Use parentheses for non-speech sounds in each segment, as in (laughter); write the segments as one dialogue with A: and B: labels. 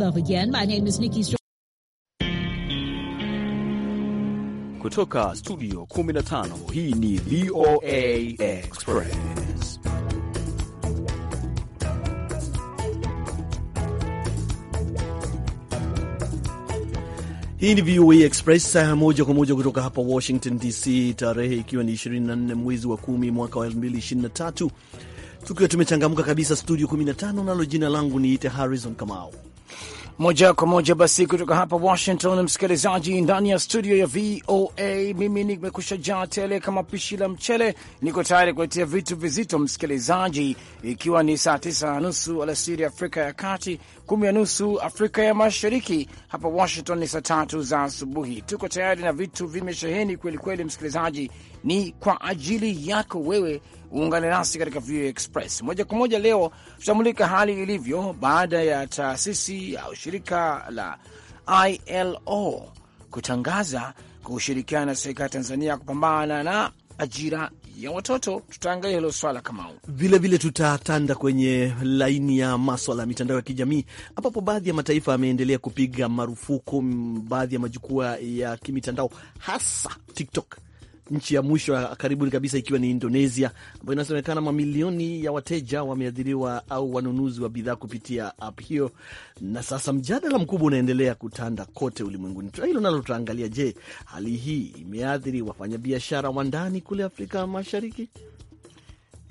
A: love again. My name is Nikki Str
B: kutoka studio 15 hii ni VOA Express. Hii ni VOA Express saa moja kwa moja kutoka hapa Washington DC, tarehe ikiwa ni 24 mwezi wa 10 mwaka wa 2023, tukiwa tumechangamka kabisa studio 15, nalo jina langu niite Harrison Kamau
C: moja kwa moja basi kutoka hapa Washington, msikilizaji, ndani ya studio ya VOA. Mimi nimekusha jaa tele kama pishi la mchele, niko tayari kuletea vitu vizito msikilizaji, ikiwa ni saa tisa na nusu alasiri Afrika ya Kati, kumi na nusu Afrika ya Mashariki. Hapa Washington ni saa tatu za asubuhi. Tuko tayari na vitu vimesheheni kwelikweli. Msikilizaji, ni kwa ajili yako wewe, uungane nasi katika VOA Express moja kwa moja. Leo tutamulika hali ilivyo baada ya taasisi au shirika la ILO kutangaza ushirikiano na serikali ya Tanzania kupambana na ajira ya watoto. Tutaangalia hilo swala kama
B: vilevile, tutatanda kwenye laini ya maswala ya mitandao ya kijamii, ambapo baadhi ya mataifa yameendelea kupiga marufuku baadhi ya majukwaa ya kimitandao hasa TikTok nchi ya mwisho karibuni kabisa ikiwa ni Indonesia ambayo inasemekana mamilioni ya wateja wameathiriwa au wanunuzi wa bidhaa kupitia app hiyo, na sasa mjadala mkubwa unaendelea kutanda kote ulimwenguni. Hilo nalo tutaangalia. Je, hali hii
C: imeathiri wafanyabiashara wa ndani kule Afrika Mashariki?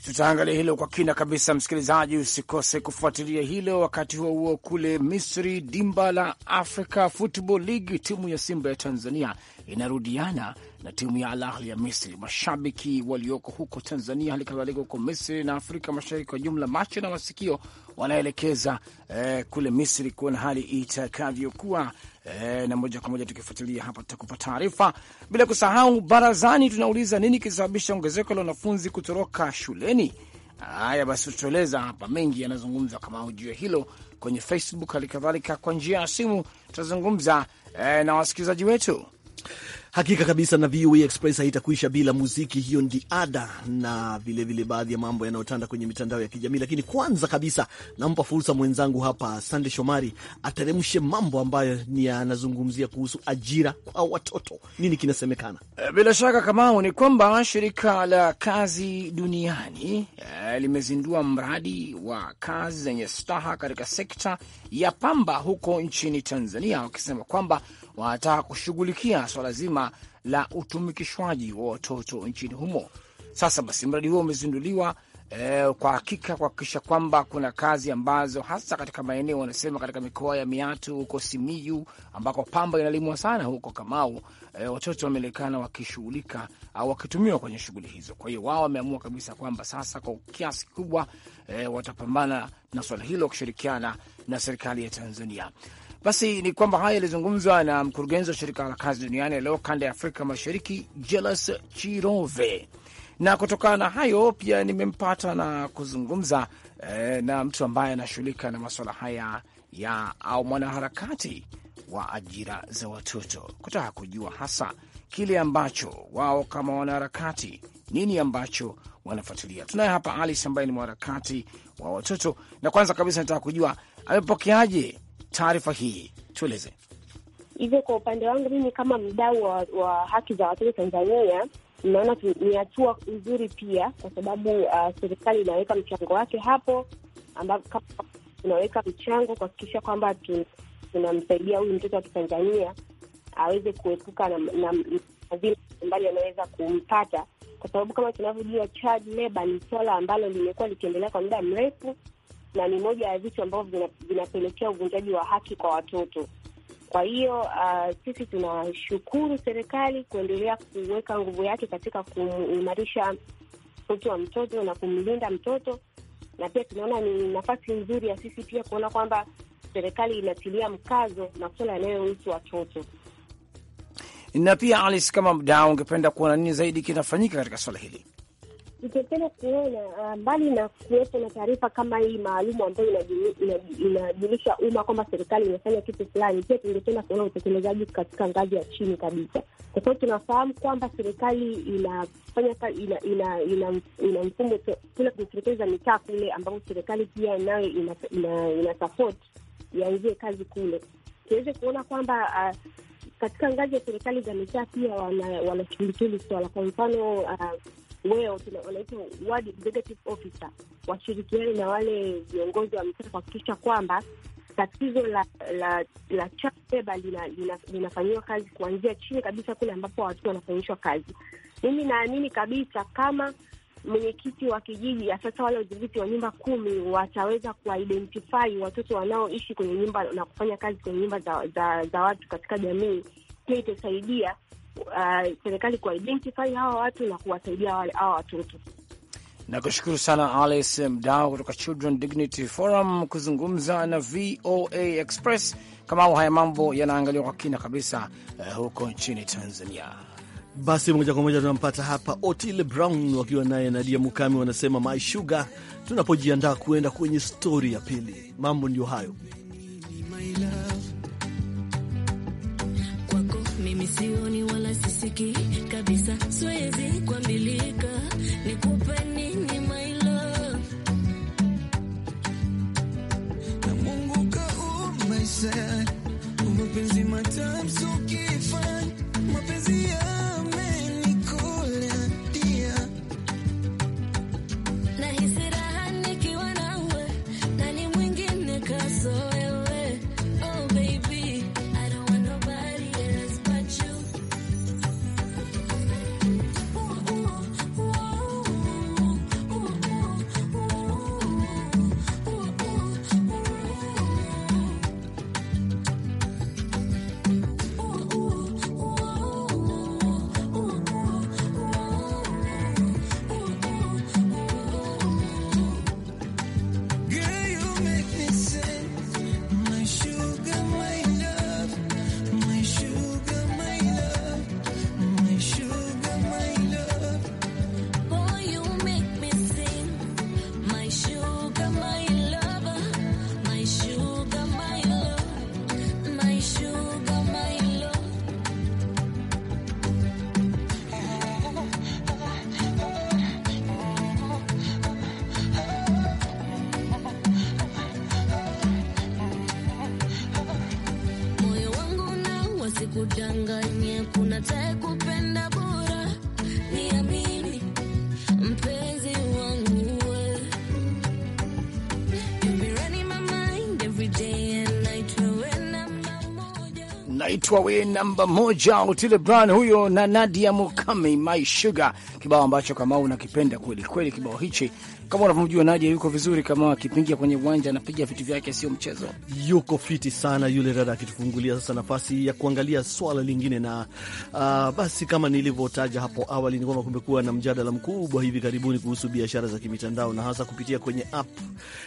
C: Tutaangalia hilo kwa kina kabisa, msikilizaji, usikose kufuatilia hilo. Wakati huo huo, kule Misri, dimba la Africa Football League, timu ya Simba ya Tanzania inarudiana na timu ya Al Ahli ya Misri. Mashabiki walioko huko Tanzania, hali kadhalika huko Misri na Afrika Mashariki kwa jumla, macho na masikio wanaelekeza eh, kule Misri kuona hali itakavyokuwa. Eh, na moja kwa moja tukifuatilia hapa tutakupa taarifa, bila kusahau barazani. Tunauliza, nini kisababisha ongezeko la wanafunzi kutoroka shuleni? Haya basi, tutaeleza hapa, mengi yanazungumzwa kama juu ya hilo kwenye Facebook, hali kadhalika kwa njia ya simu tutazungumza eh, na wasikilizaji wetu.
B: Hakika kabisa na VOA e Express haitakuisha bila muziki. Hiyo ndi ada na vilevile baadhi ya mambo yanayotanda kwenye mitandao ya kijamii, lakini kwanza kabisa nampa fursa mwenzangu hapa Sande Shomari ateremshe mambo ambayo yanazungumzia kuhusu ajira kwa watoto. Nini kinasemekana?
C: Eh, bila shaka Kamau, ni kwamba shirika la kazi duniani eh, limezindua mradi wa kazi zenye staha katika sekta ya pamba huko nchini Tanzania, wakisema kwamba wanataka kushughulikia swala zima la utumikishwaji wa watoto nchini humo. Sasa basi mradi huo umezinduliwa eh, kwa hakika kuhakikisha kwamba kuna kazi ambazo hasa katika maeneo wanasema katika mikoa ya Miatu huko Simiyu ambako pamba inalimwa sana huko Kamau, eh, watoto wameonekana wakishughulika au wakitumiwa kwenye shughuli hizo. Kwa hiyo wao wameamua kabisa kwamba sasa kwa kiasi kikubwa eh, watapambana na swala hilo wakishirikiana na serikali ya Tanzania. Basi ni kwamba haya yalizungumzwa na mkurugenzi wa shirika la kazi duniani leo kanda ya Afrika Mashariki, Jelas Chirove, na kutokana na hayo pia nimempata na kuzungumza eh, na mtu ambaye anashughulika na masuala haya ya au mwanaharakati wa ajira za watoto, kutaka kujua hasa kile ambacho wao kama wanaharakati nini ambacho wanafuatilia. Tunaye hapa Alice ambaye ni mwanaharakati wa watoto, na kwanza kabisa nataka kujua amepokeaje taarifa hii, tueleze
D: hivyo. Kwa upande wangu mimi kama mdau wa, wa haki za watoto Tanzania naona ni hatua nzuri pia, kwa sababu uh, serikali inaweka mchango wake hapo, ambapo tunaweka mchango kuhakikisha kwamba tunamsaidia huyu mtoto wa Kitanzania aweze kuepuka na madhila mbalimbali anaweza kumpata, kwa sababu kama tunavyojua child labor ni swala ambalo limekuwa likiendelea kwa muda mrefu na ni moja ya vitu ambavyo vinapelekea uvunjaji wa haki kwa watoto. Kwa hiyo uh, sisi tunashukuru serikali kuendelea kuweka nguvu yake katika kuimarisha utu wa mtoto na kumlinda mtoto, na pia tunaona ni nafasi nzuri ya sisi pia kuona kwamba serikali inatilia mkazo masuala yanayohusu watoto.
C: Na pia Alice, kama mdau, ungependa kuona nini zaidi kinafanyika katika swala hili?
D: Tungependa kuona uh, mbali na kuwepo na taarifa kama hii maalumu ambayo inajulisha umma kwamba serikali imefanya kitu fulani, pia tungependa kuona utekelezaji katika ngazi ya chini kabisa, kwa sababu tunafahamu kwamba serikali inafanya ina ina ina, ina mfumo kule kwenye serikali za mitaa kule, ambapo serikali pia nayo ina, ina, ina support kazi kule, tuweze kuona kwamba uh, katika ngazi ya serikali za mitaa pia wanashughulikia hili swala. Kwa mfano uh, weo wanaita ward executive officer washirikiane na wale viongozi wa mtaa kuhakikisha kwamba tatizo la la, la child linafanyiwa lina, lina kazi kuanzia chini kabisa kule ambapo watoto wanafanyishwa kazi. Mimi naamini kabisa kama mwenyekiti wa kijiji sasa, wale udhibiti wa nyumba kumi wataweza kuwaidentifai watoto wanaoishi kwenye nyumba na kufanya kazi kwenye nyumba za, za, za watu katika jamii, pia itasaidia uh, serikali kuidentify hawa watu na kuwasaidia wale hawa watoto.
C: Nakushukuru sana Alice Mdao kutoka Children Dignity Forum kuzungumza na VOA Express. Kama au haya mambo yanaangaliwa kwa kina kabisa uh, huko nchini Tanzania.
B: Basi moja kwa moja tunampata hapa Otile Brown wakiwa naye Nadia Mukami, wanasema my sugar, tunapojiandaa kuenda kwenye stori ya pili. Mambo ndio hayo.
D: mimi sioni wala sisiki kabisa, siwezi kuambilika nikupe nini my love,
E: na Mungu kaumba mapenzi matamu sukifanya nikudanganye, kuna tae kupenda bora, niamini mpenzi wangu
C: naitwa we namba moja, Otile Brown huyo na Nadia Mukami, my sugar kibao ambacho kama unakipenda kweli kweli, kibao hichi. Kama unavyomjua Nadia yuko vizuri, kama akipingia kwenye uwanja anapiga vitu vyake, sio mchezo,
B: yuko fiti sana yule dada, akitufungulia sasa nafasi ya kuangalia swala lingine. Na uh, basi kama nilivyotaja hapo awali ni kwamba kumekuwa na mjadala mkubwa hivi karibuni kuhusu biashara za kimitandao na hasa kupitia kwenye app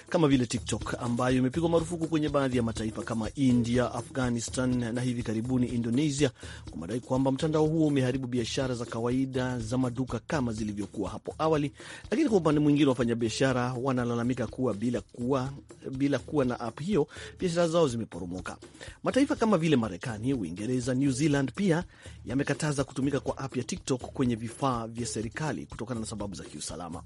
B: kama vile TikTok ambayo imepigwa marufuku kwenye baadhi ya mataifa kama India, Afghanistan na hivi karibuni Indonesia, kwa madai kwamba mtandao huo umeharibu biashara za kawaida za maduka kama zilivyokuwa hapo awali, lakini kwa upande mwingine wafanyabiashara wanalalamika kuwa bila kuwa, bila kuwa na app hiyo biashara zao zimeporomoka. Mataifa kama vile Marekani, Uingereza, New Zealand pia yamekataza kutumika kwa app ya TikTok kwenye vifaa vya serikali kutokana na sababu za kiusalama.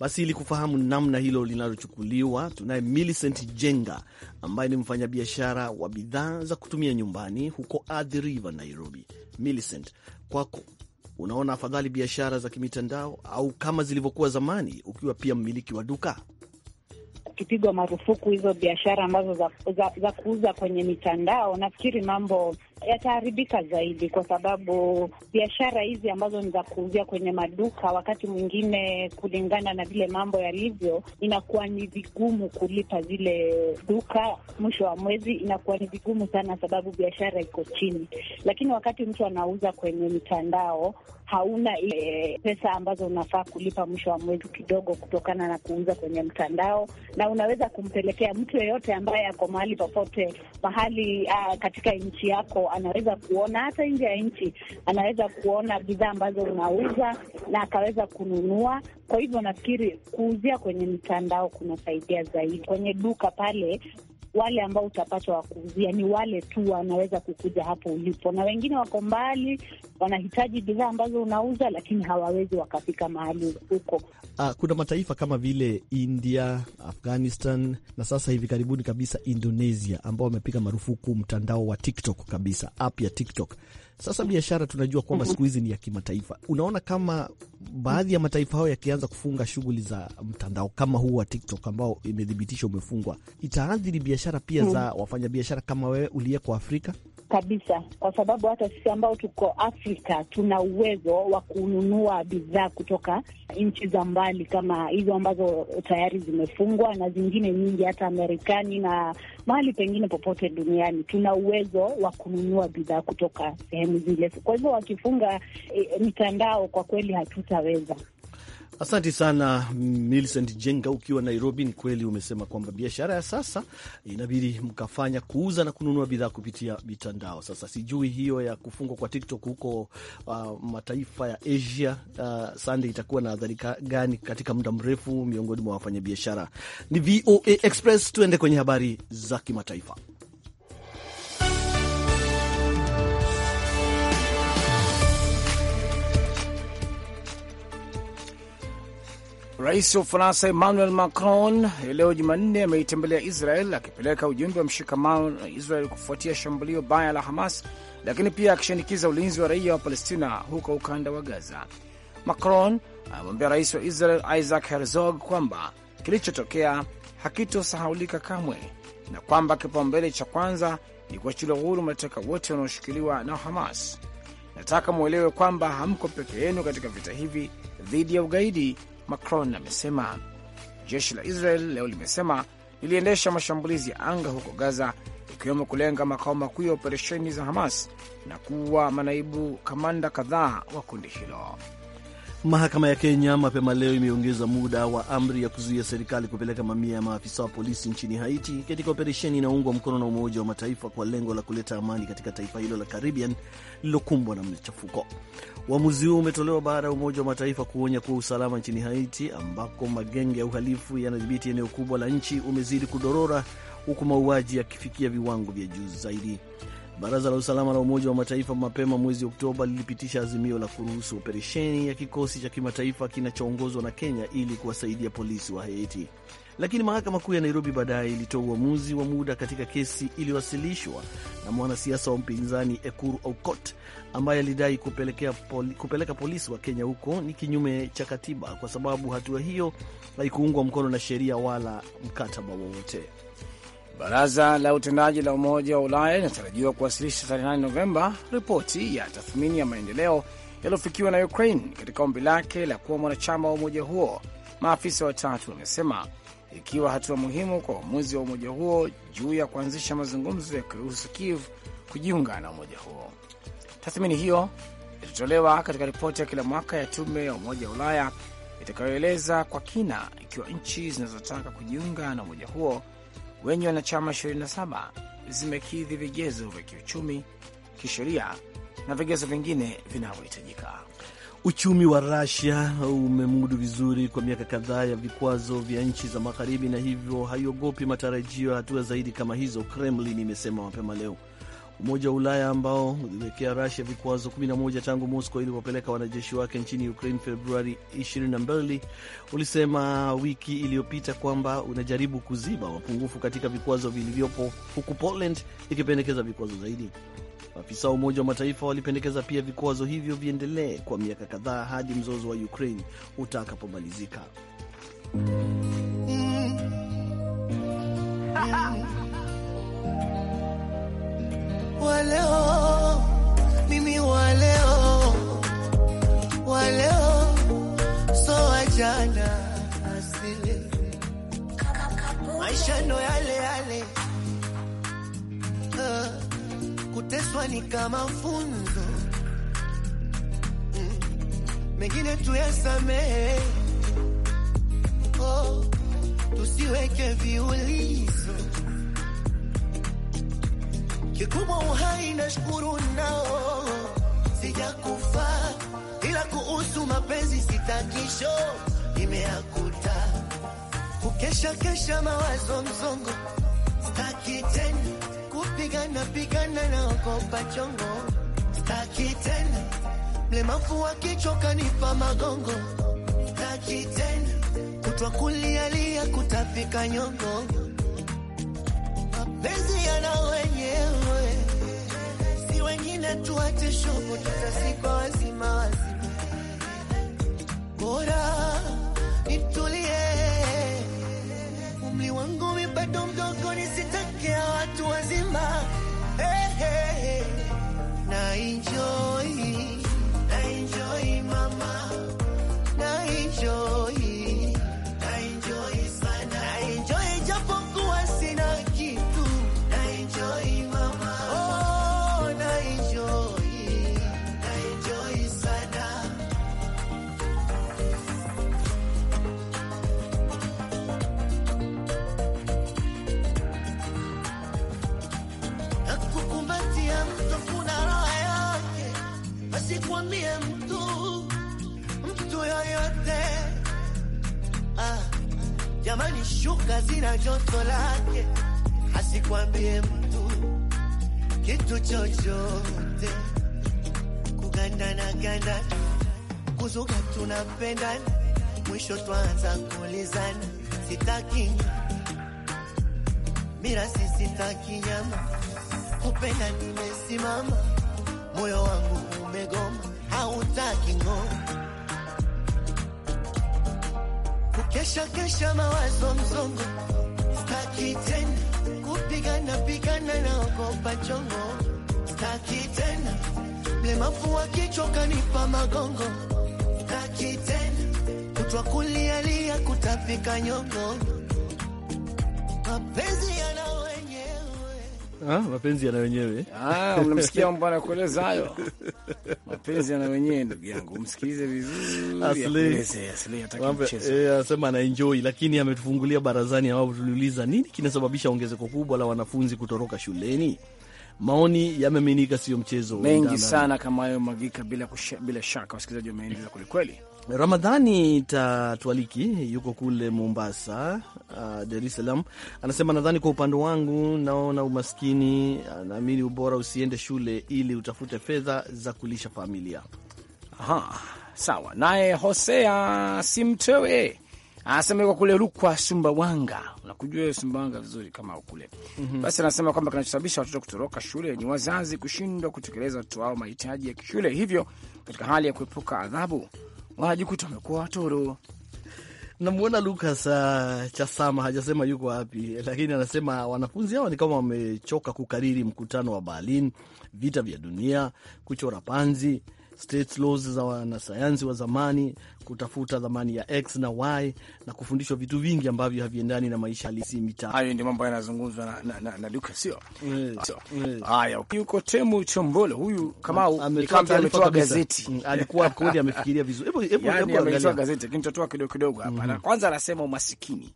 B: Basi ili kufahamu namna hilo linalochukuliwa, tunaye Millicent Jenga ambaye ni mfanyabiashara wa bidhaa za kutumia nyumbani huko Athi River, Nairobi. Millicent, kwako unaona afadhali biashara za kimitandao au kama zilivyokuwa zamani ukiwa pia mmiliki wa duka?
A: Ukipigwa marufuku hizo biashara ambazo za, za, za kuuza kwenye mitandao, nafikiri mambo yataharibika zaidi, kwa sababu biashara hizi ambazo ni za kuuzia kwenye maduka, wakati mwingine, kulingana na vile mambo yalivyo, inakuwa ni vigumu kulipa zile duka mwisho wa mwezi, inakuwa ni vigumu sana, sababu biashara iko chini. Lakini wakati mtu anauza kwenye mitandao, hauna e, pesa ambazo unafaa kulipa mwisho wa mwezi kidogo, kutokana na kuuza kwenye mtandao, na unaweza kumpelekea mtu yeyote ambaye ako mahali popote mahali a, ah, katika nchi yako anaweza kuona hata nje ya nchi, anaweza kuona bidhaa ambazo unauza na akaweza kununua. Kwa hivyo nafikiri kuuzia kwenye mtandao kunasaidia zaidi. Kwenye duka pale wale ambao utapata wakuuzia ni wale tu wanaweza kukuja hapo ulipo, na wengine wako mbali, wanahitaji bidhaa ambazo unauza, lakini hawawezi wakafika mahali huko.
B: Ah, kuna mataifa kama vile India, Afghanistan na sasa hivi karibuni kabisa Indonesia ambao wamepiga marufuku mtandao wa TikTok kabisa, app ya TikTok. Sasa biashara tunajua kwamba siku hizi ni ya kimataifa. Unaona kama baadhi ya mataifa hayo yakianza kufunga shughuli za mtandao kama huu wa TikTok ambao imethibitishwa umefungwa, itaathiri biashara pia za mm. wafanyabiashara kama wewe uliyeko Afrika?
A: kabisa, kwa sababu hata sisi ambao tuko Afrika tuna uwezo wa kununua bidhaa kutoka nchi za mbali kama hizo ambazo tayari zimefungwa na zingine nyingi, hata Marekani na mahali pengine popote duniani. Tuna uwezo wa kununua bidhaa kutoka sehemu zile. Kwa hivyo wakifunga e, mitandao, kwa kweli hatutaweza.
B: Asante sana Millicent Jenga, ukiwa Nairobi. Ni kweli umesema kwamba biashara ya sasa inabidi mkafanya kuuza na kununua bidhaa kupitia mitandao. Sasa sijui hiyo ya kufungwa kwa TikTok huko uh, mataifa ya Asia uh, sande itakuwa na adhari gani katika muda mrefu miongoni mwa wafanyabiashara. Ni VOA Express, tuende kwenye habari za kimataifa.
C: Rais wa Ufaransa Emmanuel Macron eh, leo Jumanne ameitembelea Israel akipeleka ujumbe wa mshikamano na Israel kufuatia shambulio baya la Hamas, lakini pia akishinikiza ulinzi wa raia wa Palestina huko ukanda wa Gaza. Macron amemwambia rais wa Israel Isaac Herzog kwamba kilichotokea hakitosahaulika kamwe na kwamba kipaumbele cha kwanza ni kuachilia uhuru mateka wote wanaoshikiliwa na Hamas. Nataka mwelewe kwamba hamko peke yenu katika vita hivi dhidi ya ugaidi Macron amesema. Jeshi la Israel leo limesema liliendesha mashambulizi ya anga huko Gaza, ikiwemo kulenga makao makuu ya operesheni za Hamas na kuua manaibu kamanda kadhaa wa kundi hilo.
B: Mahakama ya Kenya mapema leo imeongeza muda wa amri ya kuzuia serikali kupeleka mamia ya maafisa wa polisi nchini Haiti katika operesheni inayoungwa mkono na Umoja wa Mataifa kwa lengo la kuleta amani katika taifa hilo la Caribbean lililokumbwa na machafuko. Uamuzi huu umetolewa baada ya Umoja wa Mataifa kuonya kuwa usalama nchini Haiti, ambako magenge ya uhalifu yanadhibiti eneo kubwa la nchi, umezidi kudorora huku mauaji yakifikia viwango vya juu zaidi. Baraza la usalama la Umoja wa Mataifa mapema mwezi Oktoba lilipitisha azimio la kuruhusu operesheni ya kikosi cha kimataifa kinachoongozwa na Kenya ili kuwasaidia polisi wa Haiti, lakini mahakama kuu ya Nairobi baadaye ilitoa uamuzi wa muda katika kesi iliyowasilishwa na mwanasiasa wa mpinzani Ekuru Aukot ambaye alidai poli, kupeleka polisi wa Kenya huko ni kinyume cha katiba kwa sababu hatua hiyo haikuungwa mkono na
C: sheria wala mkataba wowote wa Baraza la utendaji la Umoja wa Ulaya linatarajiwa kuwasilisha tarehe 8 Novemba ripoti ya tathmini ya maendeleo yaliyofikiwa na Ukraine katika ombi lake la kuwa mwanachama wa umoja huo, maafisa watatu wamesema, ikiwa hatua muhimu kwa uamuzi wa umoja huo juu ya kuanzisha mazungumzo ya kuruhusu Kiev kujiunga na umoja huo. Tathmini hiyo itatolewa katika ripoti ya kila mwaka ya tume ya Umoja wa Ulaya itakayoeleza kwa kina ikiwa nchi zinazotaka kujiunga na umoja huo wenye wanachama 27 zimekidhi vigezo vya kiuchumi, kisheria na vigezo vingine vinavyohitajika.
B: Uchumi wa rasia umemudu vizuri kwa miaka kadhaa ya vikwazo vya nchi za Magharibi na hivyo haiogopi matarajio ya hatua zaidi kama hizo, Kremlin imesema mapema leo. Umoja wa Ulaya ambao uliwekea Rusia vikwazo 11 tangu Moscow ilipopeleka wanajeshi wake nchini Ukraine Februari 22 ulisema wiki iliyopita kwamba unajaribu kuziba mapungufu katika vikwazo vilivyopo, huku Poland ikipendekeza vikwazo zaidi. Maafisa wa Umoja wa Mataifa walipendekeza pia vikwazo hivyo viendelee kwa miaka kadhaa hadi mzozo wa Ukraine utakapomalizika. mm.
F: mm. maneno yale yale. Uh, kuteswa ni kama funzo, mm, mengine tuyasamehe. Oh, tusiweke viulizo kikubwa uhai na shukuru nao, sijakufa ila kuhusu mapenzi sitakisho nimeaku kesha kesha, mawazo mzongo staki tena kupigana pigana na okopa chongo, staki tena mlemavu akichoka nipa magongo, staki tena kutwa kulialia kutafika nyongo, mapenzi yana wenyewe, si wengine tuache shobo, tutasikwa wazima wazima, bora nitulie kufikia watu wazima hey, hey. Jamani, shuka zina joto lake, asikwambie mtu kitu chochote, kugandana ganda kuzuga tunapendana mwisho twanza kulizana. Sitaki mirasi, sitaki nyama, kupenda nimesimama, moyo wangu umegoma, hautaki ngoma kesha kesha, mawazo mzongo, staki tena kupigana pigana na ogopa chongo, staki tena mlemafu wa kichwa kanipa magongo, staki tena kutwa kulialia kutapika nyongo mapenzi ya
B: Ah, mapenzi yana wenyewe.
C: Ah, unamsikia (laughs) mbona kueleza hayo? Mapenzi yana wenyewe ndugu yangu.
E: Msikilize vizuri. Asli. Asli ataka mchezo.
B: Eh, anasema ana enjoy lakini ametufungulia barazani ambapo tuliuliza nini kinasababisha ongezeko kubwa la wanafunzi kutoroka shuleni? Maoni yamemiminika, sio mchezo. Mengi sana
C: kama hayo magika bila, kusha, bila shaka wasikilizaji wameendelea kweli
B: Ramadhani Tatwaliki yuko kule Mombasa, uh, Dar es Salaam, anasema nadhani kwa upande wangu naona umaskini, naamini ubora usiende shule ili utafute fedha za kulisha familia. Aha,
C: sawa. Naye Hosea Simtewe anasema yuko kule Rukwa, Sumbawanga. Unakujua Sumbawanga vizuri kama kule mm -hmm. Basi anasema kwamba kinachosababisha watoto kutoroka shule ni wazazi kushindwa kutekeleza watoto wao mahitaji ya kishule, hivyo katika hali ya kuepuka adhabu wanajikuta wamekuwa
B: watoro. Namwona Lukas uh, ah, Chasama hajasema yuko wapi, lakini anasema wanafunzi hawa ni kama wamechoka kukariri mkutano wa Berlin, vita vya dunia, kuchora panzi state laws za wanasayansi wa zamani, kutafuta dhamani ya x na y na kufundishwa vitu vingi ambavyo
C: haviendani na maisha halisi mitaa. Hayo ndio mambo yanazungumzwa na, na, na, na Luka, sio eh, eh. haya. Yuko Temu Chombolo huyu Kamau ametoa gazeti, mm, alikuwa kweli amefikiria vizuri, hebu hebu ametoa gazeti, lakini tutatoa kidogo kidogo hapa. mm -hmm. Na Kwanza anasema umasikini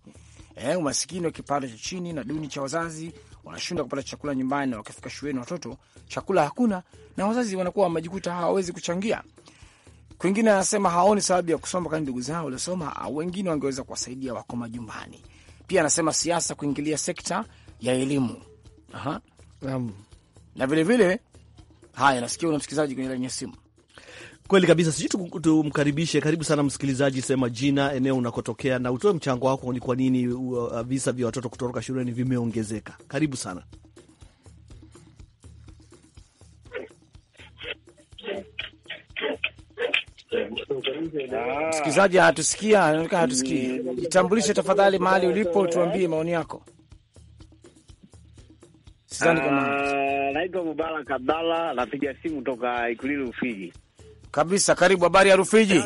C: eh, umasikini wa kipato cha chini na duni cha wazazi wanashindwa kupata chakula nyumbani, na wakifika shuleni watoto chakula hakuna, na wazazi wanakuwa wamejikuta hawawezi kuchangia. Kwingine anasema haoni sababu ya kusoma, kwani ndugu zao waliosoma au wengine wangeweza kuwasaidia, wako majumbani. Pia anasema siasa kuingilia sekta ya elimu. Aha. Um, na vilevile haya, nasikia una msikilizaji kwenye laini ya simu.
B: Kweli kabisa. Sijui tumkaribishe. Karibu sana msikilizaji, sema jina, eneo unakotokea na utoe mchango wako, ni kwa nini uh, visa vya watoto kutoroka shuleni vimeongezeka. Karibu sana.
A: Msikilizaji
C: hatusikia, anaonekana hatusikii. Jitambulishe tafadhali, mahali ulipo, tuambie maoni yako. Ah,
D: naitwa Mubarak Abdalla, napiga simu toka Ikulili, Ufiji
C: kabisa. Karibu, habari ya Rufiji?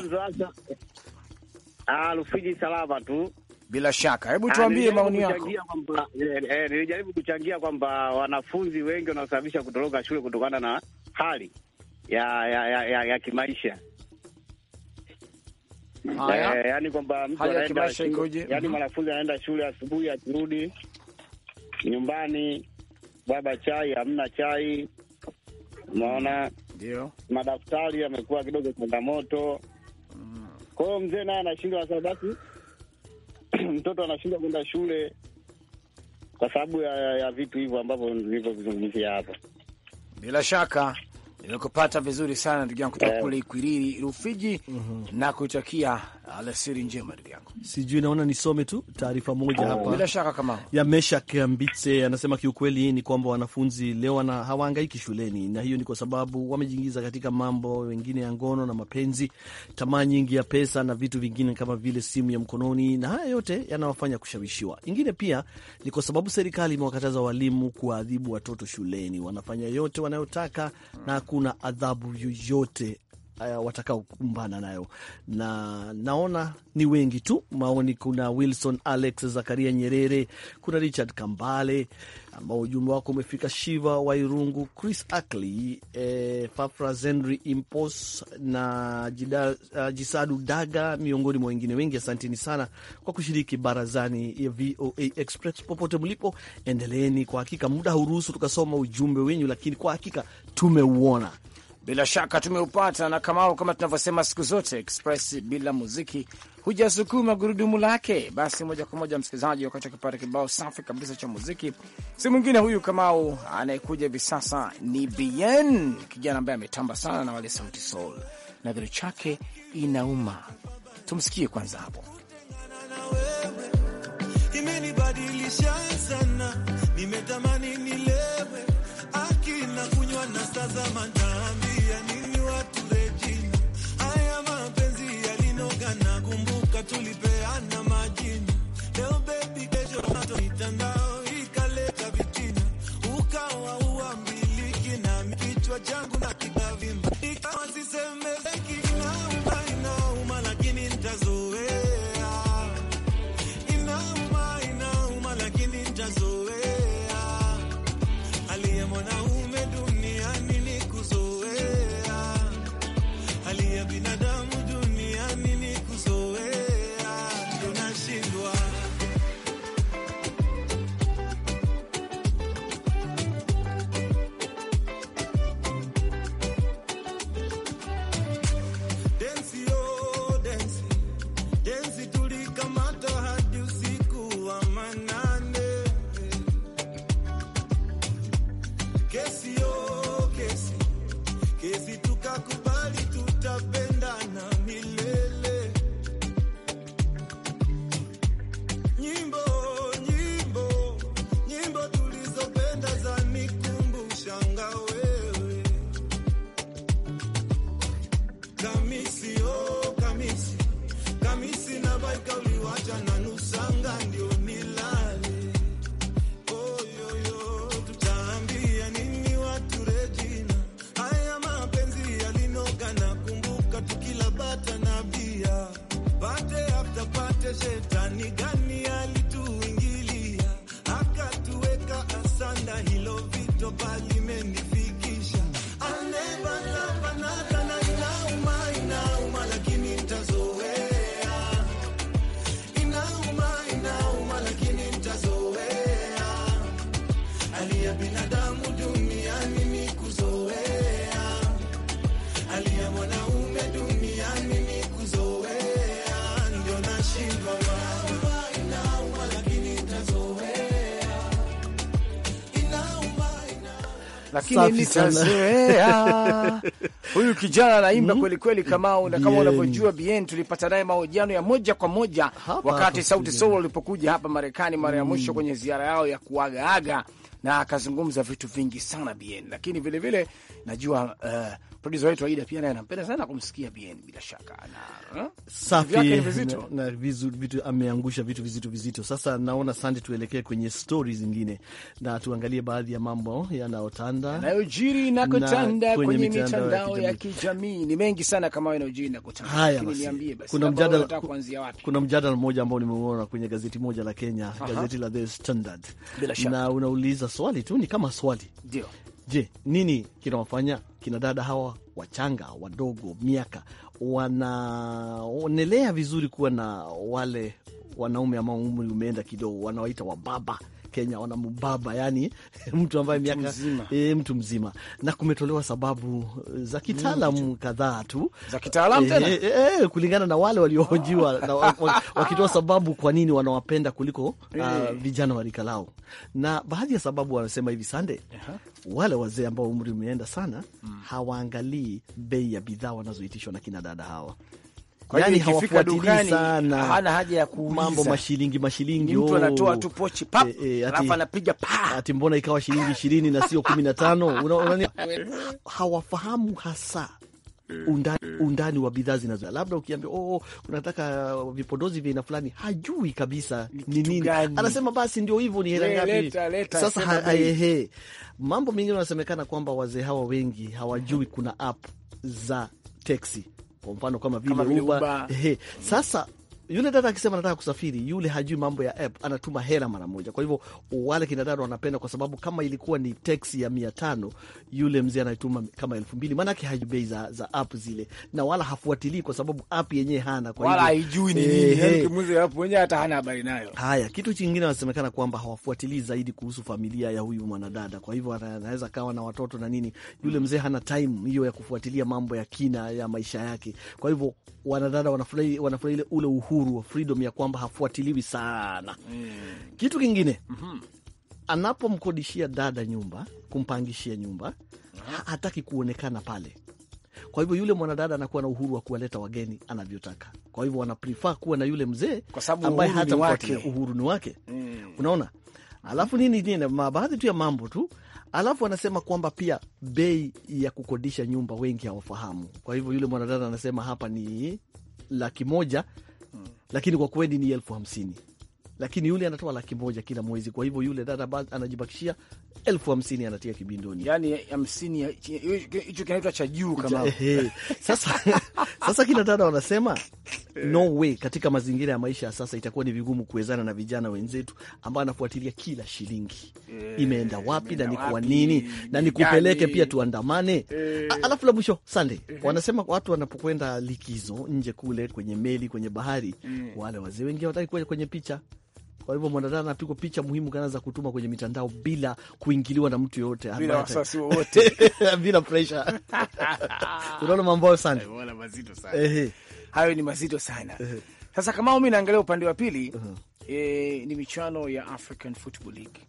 C: Ah, Rufiji salama tu. Bila shaka, hebu ah, tuambie maoni yako. Eh, eh, nilijaribu kuchangia kwamba wanafunzi wengi wanaosababisha
D: kutoroka shule kutokana na hali ya ya, ya, ya, ya kimaisha eh, yani kwamba mtu anaenda shule, yani mm-hmm. mwanafunzi anaenda shule asubuhi, akirudi nyumbani, baba chai, hamna chai, unaona mm ndio madaftari yamekuwa kidogo changamoto mm. Kwa hiyo mzee naye anashindwa sasa, basi (clears throat) mtoto anashindwa kwenda shule kwa sababu ya, ya, ya vitu hivyo ambavyo nilivyovizungumzia hapa.
C: Bila shaka nimekupata vizuri sana ndugu yangu kutoka yeah, kule Ikwiriri Rufiji mm -hmm. na kutakia Alasiri njema ndugu yangu.
B: Sijui, naona nisome tu taarifa moja oh, hapa. Bila shaka kama ya Mesha Mbitse anasema kiukweli ni kwamba wanafunzi leo wana hawaangaiki shuleni, na hiyo ni kwa sababu wamejiingiza katika mambo wengine ya ngono na mapenzi, tamaa nyingi ya pesa na vitu vingine kama vile simu ya mkononi, na haya yote yanawafanya kushawishiwa. Ingine pia ni kwa sababu serikali imewakataza walimu kuwaadhibu watoto shuleni. Wanafanya yote wanayotaka na hakuna adhabu yoyote Uh, watakaokumbana nayo, na naona ni wengi tu maoni. Kuna Wilson Alex, Zakaria Nyerere, kuna Richard Kambale ambao ujumbe wako umefika, Shiva Wairungu, Chris Ackley, eh, Fafra Zenry Impos na Jida, uh, Jisadu Daga, miongoni mwa wengine wengi. Asanteni sana kwa kushiriki barazani ya VOA Express. Popote mlipo, endeleeni. Kwa hakika muda hauruhusu tukasoma ujumbe wenyu,
C: lakini kwa hakika
B: tumeuona
C: bila shaka tumeupata na Kamao, kama tunavyosema siku zote, Express bila muziki hujasukuma gurudumu lake. Basi moja kwa moja, msikilizaji, wakati akipata kibao safi kabisa cha muziki, si mwingine huyu Kamao anayekuja hivi sasa ni Bien, kijana ambaye ametamba sana na wale Sauti Sol na kitu chake inauma. Tumsikie kwanza hapo
E: tulipeana majina, leo bebi kesho nato mitandao ikaleta vitina, ukawa uambiliki na kichwa changu
C: lakini nitazoea. Huyu kijana anaimba hmm? kweli kweli, Kamau, na kama unavyojua BN tulipata naye mahojiano ya moja kwa moja hapa, wakati Sauti Sol walipokuja hapa Marekani mara ya mwisho hmm. kwenye ziara yao ya kuagaaga na akazungumza vitu vingi sana BN, lakini vilevile vile, najua uh, produsa wetu Aida pia naye anampenda sana kumsikia BN bila shaka na, uh, safi na,
B: na vizu, vitu ameangusha vitu vizito vizito. Sasa naona sande, tuelekee kwenye stori zingine na tuangalie baadhi ya mambo yanayotanda
C: yanayojiri na kutanda na kwenye, kwenye mitandao ya kijamii. Ni mengi sana kama yanayojiri na kutanda. Haya niambie basi, kuna mjadala kuanzia wapi?
B: Kuna mjadala mmoja ambao nimeuona kwenye gazeti moja la Kenya, gazeti la The Standard, na unauliza swali tu, ni kama swali. Ndio. Je, nini kinawafanya kina dada hawa wachanga wadogo miaka wanaonelea vizuri kuwa na wale wanaume ambao umri umeenda kidogo, wanawaita wababa Kenya mubaba yani (laughs) mtu ambaye miaka mzima. E, mtu mzima na kumetolewa sababu eh, za kitaalamu mm, kadhaa tu za kitaalamu tena e, e, e, kulingana na wale waliohojiwa ah. (laughs) wakitoa sababu kwa nini wanawapenda kuliko ah, vijana wa rika lao, na baadhi ya sababu wanasema hivi sande wale wazee ambao umri umeenda sana mm. hawaangalii bei ya bidhaa wanazoitishwa na kina dada hawa kwa yani hawafuatilii sana, hana haja ya kuuliza mambo mashilingi mashilingi. Mtu oh. anatoa tu pochi pap, eh, eh, alafu anapiga pa, ati mbona ikawa shilingi ishirini na sio kumi na tano? (laughs) Hawafahamu hasa undani, undani wa bidhaa zinazo, labda ukiambia oh, oh unataka vipodozi vya aina fulani, hajui kabisa ni nini, anasema basi ndio hivyo, ni hela ngapi? Sasa haehe, mambo mengine wanasemekana kwamba wazee hawa wengi hawajui kuna app za teksi kwa mfano kama vile Uber. sasa yule dada akisema nataka kusafiri, yule hajui mambo ya app, anatuma hela mara moja. Kwa hivyo wale kinadada wanapenda, kwa sababu kama ilikuwa ni teksi ya mia tano, yule mzee anaituma kama elfu mbili, maanake hajui bei za, za app zile, na wala hafuatilii kwa sababu app yenyewe hana, kwa wala haijui ni nini,
C: yaani hata hana habari nayo.
B: Haya, kitu chingine wanasemekana kwamba hawafuatilii zaidi kuhusu familia ya huyu mwanadada, kwa hivyo anaweza kawa na watoto na nini, yule mm. mzee hana time hiyo ya kufuatilia mambo ya kina ya maisha yake. Kwa hivyo wanadada wanafurahi ule uhuru uhuru wa freedom ya kwamba hafuatiliwi sana mm. Kitu kingine mm -hmm. Anapomkodishia dada nyumba, kumpangishia nyumba mm -hmm. hataki kuonekana pale kwa hivyo yule mwanadada anakuwa na uhuru wa kuwaleta wageni anavyotaka. Kwa hivyo wanaprefer kuwa na yule mzee ambaye hata wake uhuru ni wake mm. Unaona, alafu nini nini, baadhi tu ya mambo tu. Alafu anasema kwamba pia bei ya kukodisha nyumba wengi hawafahamu. Kwa hivyo yule mwanadada anasema hapa ni laki moja lakini kwa kweli ni elfu hamsini lakini yule anatoa laki moja kila mwezi. Kwa hivyo yule dada anajibakishia elfu hamsini anatia kibindoni, yani
C: hamsini hicho kinaitwa cha juu
E: kama
B: sasa. (laughs)
C: Sasa kina dada wanasema
B: no way, katika mazingira ya maisha ya sasa itakuwa ni vigumu kuwezana na vijana wenzetu ambao anafuatilia kila shilingi eh, imeenda wapi na ni kwa nini, na nikupeleke pia tuandamane. Eh. Alafu la mwisho Sunday, wanasema watu wanapokwenda likizo nje kule kwenye meli, kwenye bahari, mm. wale wazee wengi hawataki kuwa kwenye picha kwa hivyo mwanadada anapigwa picha muhimu kana za kutuma kwenye mitandao bila kuingiliwa na mtu yoyote, bila wasasi (laughs) wowote
C: bila presha. Unaona mambo sana, unaona mazito sana hayo, ni mazito sana. Sasa kama mimi naangalia upande wa pili uh -huh. E, ni michuano ya African Football League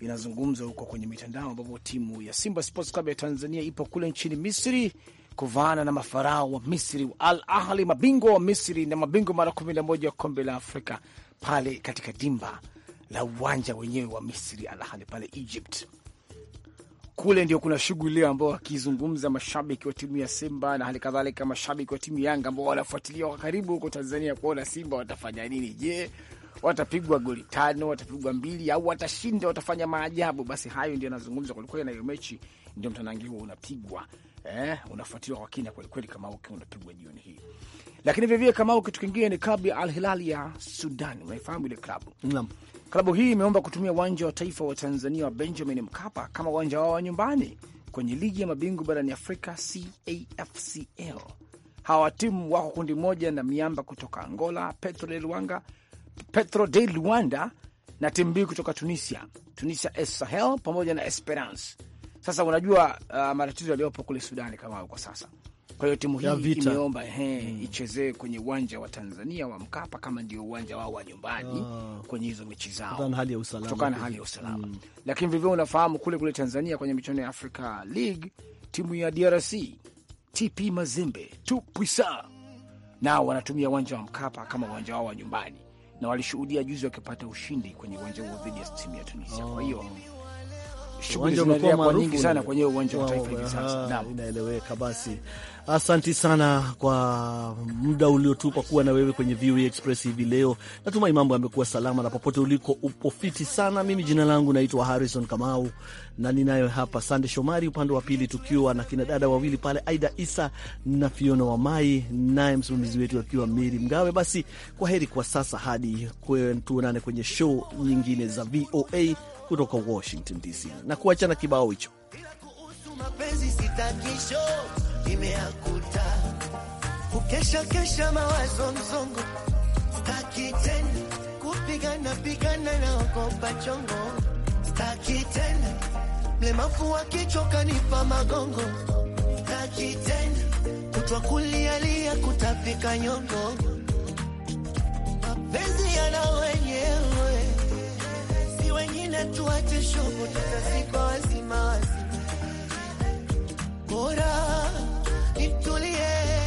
C: inazungumza huko kwenye mitandao, ambapo timu ya Simba Sports Club ya Tanzania ipo kule nchini Misri kuvaana na mafarao wa Misri, Al Ahli, mabingwa wa Misri na mabingwa mara kumi na moja wa kombe la Afrika pale katika dimba la uwanja wenyewe wa Misri alahali pale Egypt kule ndio kuna shughuli leo ambao wakizungumza mashabiki wa timu ya Simba na hali kadhalika mashabiki wa timu ya Yanga ambao wanafuatilia kwa karibu huko Tanzania kuona Simba watafanya nini. Je, watapigwa goli tano, watapigwa mbili au watashinda, watafanya maajabu? Basi hayo ndio yanazungumzwa kwelikweli na hiyo mechi, ndio mtanangi huo unapigwa eh, unafuatiliwa kwa kina kwelikweli kama ukiwa unapigwa jioni hii. Lakini vilevile kama kitu kingine ni klabu ya Al Hilal ya Sudan. Unaifahamu ile klabu? Naam. Klabu hii imeomba kutumia uwanja wa taifa wa Tanzania wa Benjamin Mkapa kama uwanja wao wa nyumbani kwenye ligi ya mabingwa barani Afrika CAFCL. Hawa timu wako kundi moja na miamba kutoka Angola, Petro de Luanda, Petro de Luanda na timu mbili kutoka Tunisia, Tunisia es Sahel pamoja na Esperance. Sasa unajua uh, matatizo yaliyopo kule Sudani kama kwa sasa. Kwa hiyo timu hii imeomba ehe, hmm, ichezee kwenye uwanja wa Tanzania wa Mkapa kama ndio uwanja wao wa nyumbani oh, kwenye hizo mechi zao kutokana na hali ya usalama, kutokana na hali ya usalama. Hmm. Lakini vivyo unafahamu kule kule Tanzania kwenye michuano ya Africa League timu ya DRC TP Mazembe Tupwisa nao wanatumia uwanja wa Mkapa kama uwanja wao wa nyumbani na walishuhudia juzi wakipata ushindi kwenye uwanja huo dhidi ya timu ya Tunisia. Oh. Kwa hiyo ah nyingi sana kwenye uwanja wa taifa hivi
B: sasa. Ah, inaeleweka basi. Asanti sana kwa muda uliotupa kuwa na wewe kwenye VOA Express hivi leo. Natumai mambo yamekuwa salama na popote uliko upo fiti sana. Mimi jina langu naitwa Harrison Kamau na ninayo hapa Sande Shomari upande wa pili, tukiwa na kina dada wawili pale, Aida Isa na Fiona wa Mai, naye msimamizi wetu akiwa Miri Mgawe. Basi kwa heri kwa sasa, hadi tuonane kwenye show nyingine za VOA kutoka Washington DC na kuachana kibao hicho.
F: Mapenzi sitakisho imeakuta kukesha kesha mawazo msongo staki tena kupigana pigana na ogopa chongo staki tena mlemavu wa kichwa magongo staki tena kutwa kulialia kutapika nyongo mapenzi yana wenyewe wengine tuache shogo, tutazikwa wazima bora nitulie